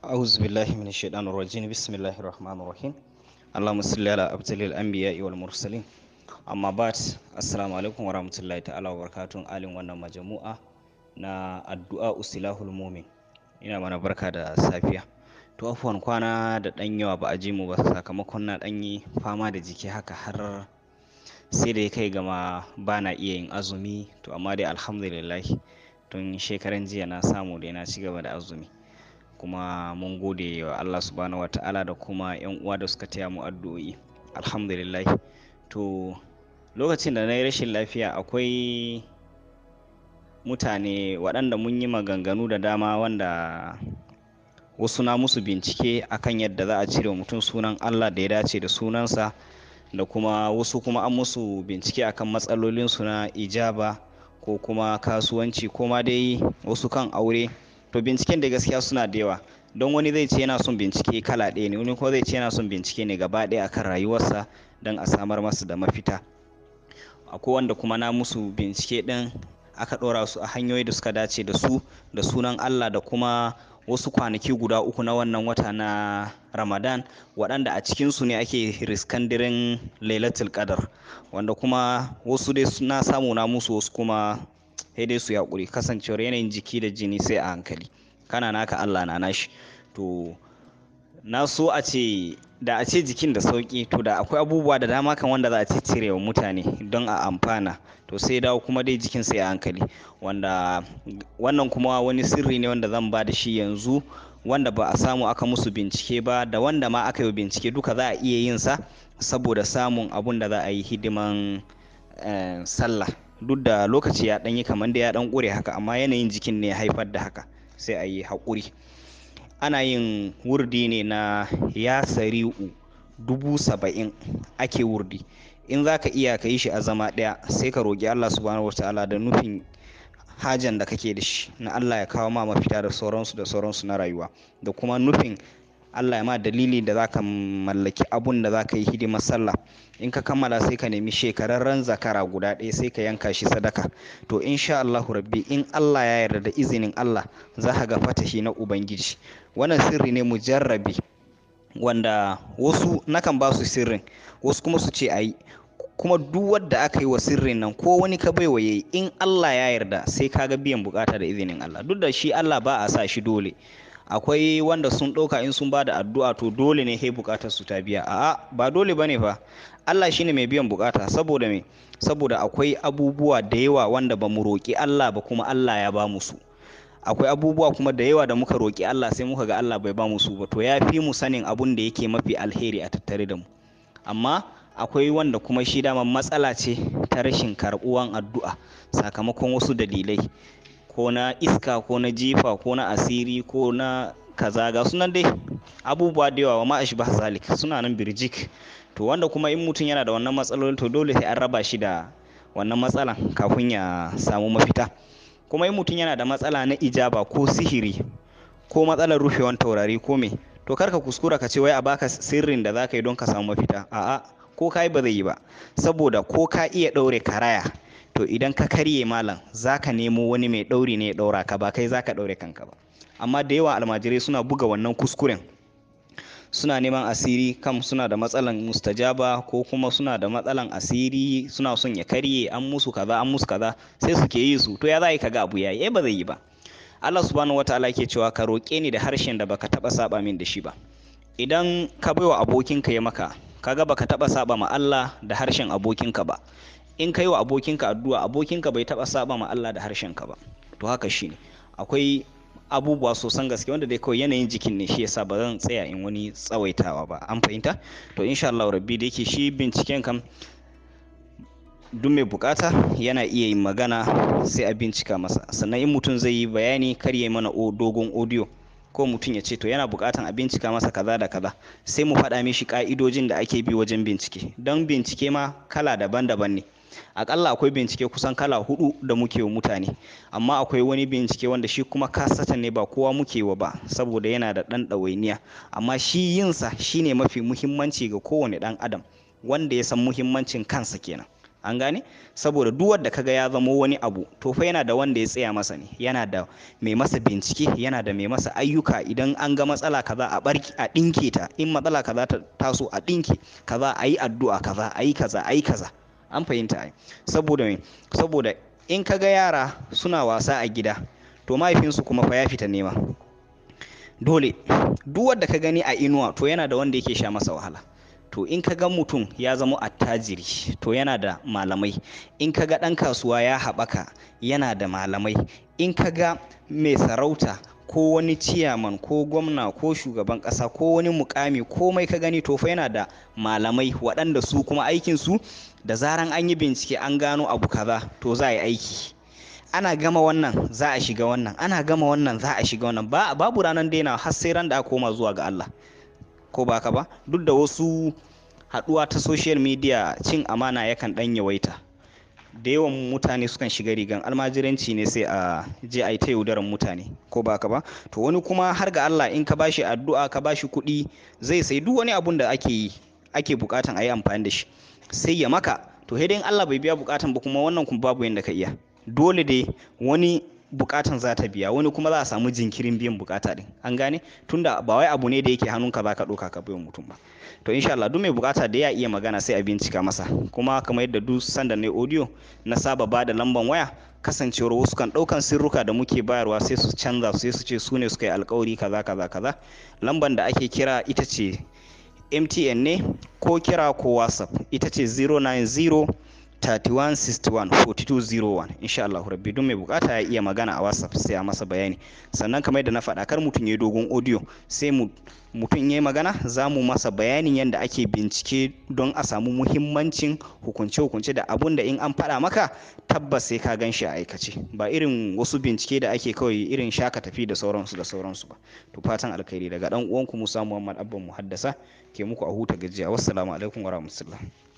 أعوذ بالله من الشيطان الرجيم بسم الله الرحمن الرحيم اللهم صل على أبطال الأنبياء والمرسلين أما بعد السلام عليكم ورحمة الله تعالى وبركاته أهلين وانا مجموعة na addu'a usilahul mumin ina mana barka da safiya to afuwan kwana da dan yawa ba a ji mu ba sakamakon na dan yi fama da jiki haka har sai da ya kai gama ba na iya yin azumi to amma dai alhamdulillah tun shekaran jiya na samu da na ci gaba da azumi kuma mun gode wa Allah subhanahu wata'ala da kuma yan uwa da suka taya mu addu'o'i alhamdulillah to lokacin da na yi rashin lafiya akwai mutane waɗanda mun yi maganganu da dama wanda wasu na musu bincike akan yadda za a cire mutum sunan Allah da ya dace da sunansa da kuma wasu kuma an musu bincike akan matsalolinsu na ijaba ko kuma kasuwanci ko ma dai wasu kan aure to binciken da gaskiya suna da yawa don wani zai ce yana son bincike kala ɗaya ne wani ko zai ce yana son bincike ne gaba ɗaya akan rayuwarsa don a samar masa da mafita akwai wanda kuma na musu bincike ɗin aka ɗora su a hanyoyi da suka dace da su da sunan allah da kuma wasu kwanaki guda uku na wannan wata na ramadan waɗanda a cikinsu ne ake riskandirin lailatul qadar wanda kuma wasu dai na samu na musu wasu kuma sai dai su yaƙuri kasancewar yanayin jiki da jini sai a hankali kana naka allah na nashi to na so a ce da a ce jikin da sauƙi to da akwai abubuwa da dama kan wanda za a ce cire mutane don a amfana to sai dawo kuma dai jikin sai a hankali wanda wannan kuma wani sirri ne wanda zan ba da shi yanzu wanda ba a samu aka musu bincike ba da wanda ma aka yi bincike duka za a iya yin sa saboda samun abun da za a yi hidiman eh, sallah duk da lokaci ya ɗanyi kamar da ya ɗan ƙure haka amma yanayin jikin ne ya haifar da haka sai a yi haƙuri ana yin wurdi ne na ya sari'u dubu saba'in ake wurdi in za ka iya ka yi shi a zama ɗaya sai ka roƙi allah subhanahu wa ta'ala da nufin hajan da kake da shi na allah ya kawo ma mafita da sauransu da sauransu na rayuwa da kuma nufin Allah ya ma dalili da za ka mallaki abun da za ka yi hidimar sallah in ka kammala sai ka nemi shekararren zakara guda ɗaya sai ka yanka shi sadaka to insha Allah rabbi in Allah ya yarda da izinin Allah za ka ga fatahi na ubangiji wannan sirri ne mujarrabi wanda wasu nakan ba su sirrin wasu kuma su ce a yi kuma duk wadda aka yi wa sirrin nan ko wani ka bai waye in Allah ya yarda sai ka ga biyan bukata da izinin Allah duk da shi Allah ba a sa shi dole akwai wanda sun ɗauka in sun bada addu'a to dole ne hei bukatar su ta biya a'a ba dole bane fa Allah shine mai biyan bukata saboda me saboda akwai abubuwa da yawa wanda ba mu roƙi Allah ba kuma Allah ya ba mu su akwai abubuwa kuma da yawa da muka roƙi Allah sai muka ga Allah bai ba mu su ba to ya fi mu sanin abun da yake mafi alheri a tattare da mu amma akwai wanda kuma shi dama matsala ce ta rashin karɓuwan addu'a sakamakon wasu dalilai ko na iska ko na jifa ko na asiri ko na kaza ga sunan dai abubuwa da yawa ma ashba zalik suna nan birjik to wanda kuma in mutum yana da wannan matsalolin to dole sai an raba shi da wannan matsalan kafin ya samu mafita kuma in mutum yana da matsala na ijaba ko sihiri ko matsalar rufewan taurari ko me to karka kuskura ka ce wai a baka sirrin da zaka yi don ka samu mafita a'a ko kai ba zai yi ba saboda ko ka iya ɗaure karaya to idan ka karye malam za ka nemo wani mai ɗauri ne ya ɗaura ka ba kai za ka ɗaure kanka ba amma da yawa almajirai suna buga wannan kuskuren suna neman asiri kam suna da matsalan mustajaba ko kuma suna da matsalan asiri suna son ya karye an musu kaza an musu kaza sai suke yi su to ya za yi kaga abu yayi eh ba zai yi ba Allah subhanahu wataala yake cewa ka roƙe ni da harshen da baka taba saba min da shi ba idan ka baiwa abokinka ya maka kaga baka taba saba ma Allah da harshen abokinka ba in kai wa abokinka addu'a abokinka bai taba saba ma Allah da harshenka ba to haka shine akwai abubuwa sosan gaske wanda dai kawai yanayin jikin ne shi yasa ba zan tsaya in wani tsawaitawa ba an fahimta to insha Allah rabbi da yake shi binciken kam duk mai bukata yana iya yin magana sai a bincika masa sannan in mutum zai yi bayani kar ya mana dogon audio ko mutum ya ce to yana bukatan a bincika masa kaza da kaza sai mu faɗa mishi ka'idojin da ake bi wajen bincike don bincike ma kala daban-daban ne akalla akwai bincike kusan kala hudu da muke wa mutane amma akwai wani bincike wanda shi kuma kasata ne ba kowa muke wa ba saboda yana da ɗan ɗawainiya amma shi yinsa shine mafi muhimmanci ga kowane ɗan adam wanda ya san muhimmancin kansa kenan an gane saboda duk wanda kaga ya zamo wani abu to fa yana da wanda ya tsaya masa ne yana da mai masa bincike yana da mai masa ayyuka idan an ga matsala kaza a barki a dinke ta in matsala kaza ta taso a dinke kaza ayi addu'a kaza ayi kaza ayi kaza an fahimta ai saboda me saboda in kaga yara suna wasa a gida to mahaifinsu kuma fa ya fita nema dole duk wanda ka gani a inuwa to yana da wanda yake sha masa wahala to in ka ga mutum ya zama attajiri to yana da malamai in ka ga ɗan kasuwa ya haɓaka yana da malamai in ka ga mai sarauta ko wani ciyaman ko gwamna ko shugaban ƙasa ko wani mukami komai ka gani to yana da malamai waɗanda su kuma aikinsu da zaran an yi bincike an gano abu kaza to za a yi aiki ana gama wannan za a shiga wannan ana gama wannan za a shiga wannan ba babu ranar daina har sai ran da aka koma zuwa ga Allah ko ba ba duk da wasu haɗuwa ta social media cin amana yakan ɗan yawaita da yawan mutane sukan shiga rigan almajiranci ne sai a je a yi ta yaudaran mutane ko ba ka ba to wani kuma har ga Allah in ka bashi addu'a ka ba shi kuɗi zai sai duk wani abun da ake yi ake bukatan a yi amfani da shi sai ya maka to sai Allah bai biya bukatan ba kuma wannan kuma babu yanda ka iya dole dai wani bukatan za ta biya wani kuma za a samu jinkirin biyan bukata din an gane tunda ba wai abu ne da yake hannunka za ka ɗauka ka biyan mutum ba to insha Allah duk mai bukata da ya iya magana sai a bincika masa kuma kamar yadda duk sanda ne audio na saba ba da lamban waya kasancewar wasu kan ɗaukan sirruka da muke bayarwa sai su canza sai su ce su ne suka yi alkawari kaza kaza kaza lamban da ake kira ita ce mtn ne ko kira ko whatsapp ita ce 090 3161 insha Allah rabbi don mai bukata ya iya magana a WhatsApp sai a masa bayani sannan kamar yadda na faɗa kar mutum ya dogon audio sai mutum ya magana za mu masa bayanin yadda ake bincike don a samu muhimmancin hukunce-hukunce da abun da in an faɗa maka tabbas sai ka gan shi a aikace ba irin wasu bincike da ake kawai irin shaka tafi da sauransu da sauransu ba to fatan alkhairi daga dan uwanku Musa Muhammad Abban Muhaddasa ke muku a huta gajiya wassalamu alaikum warahmatullahi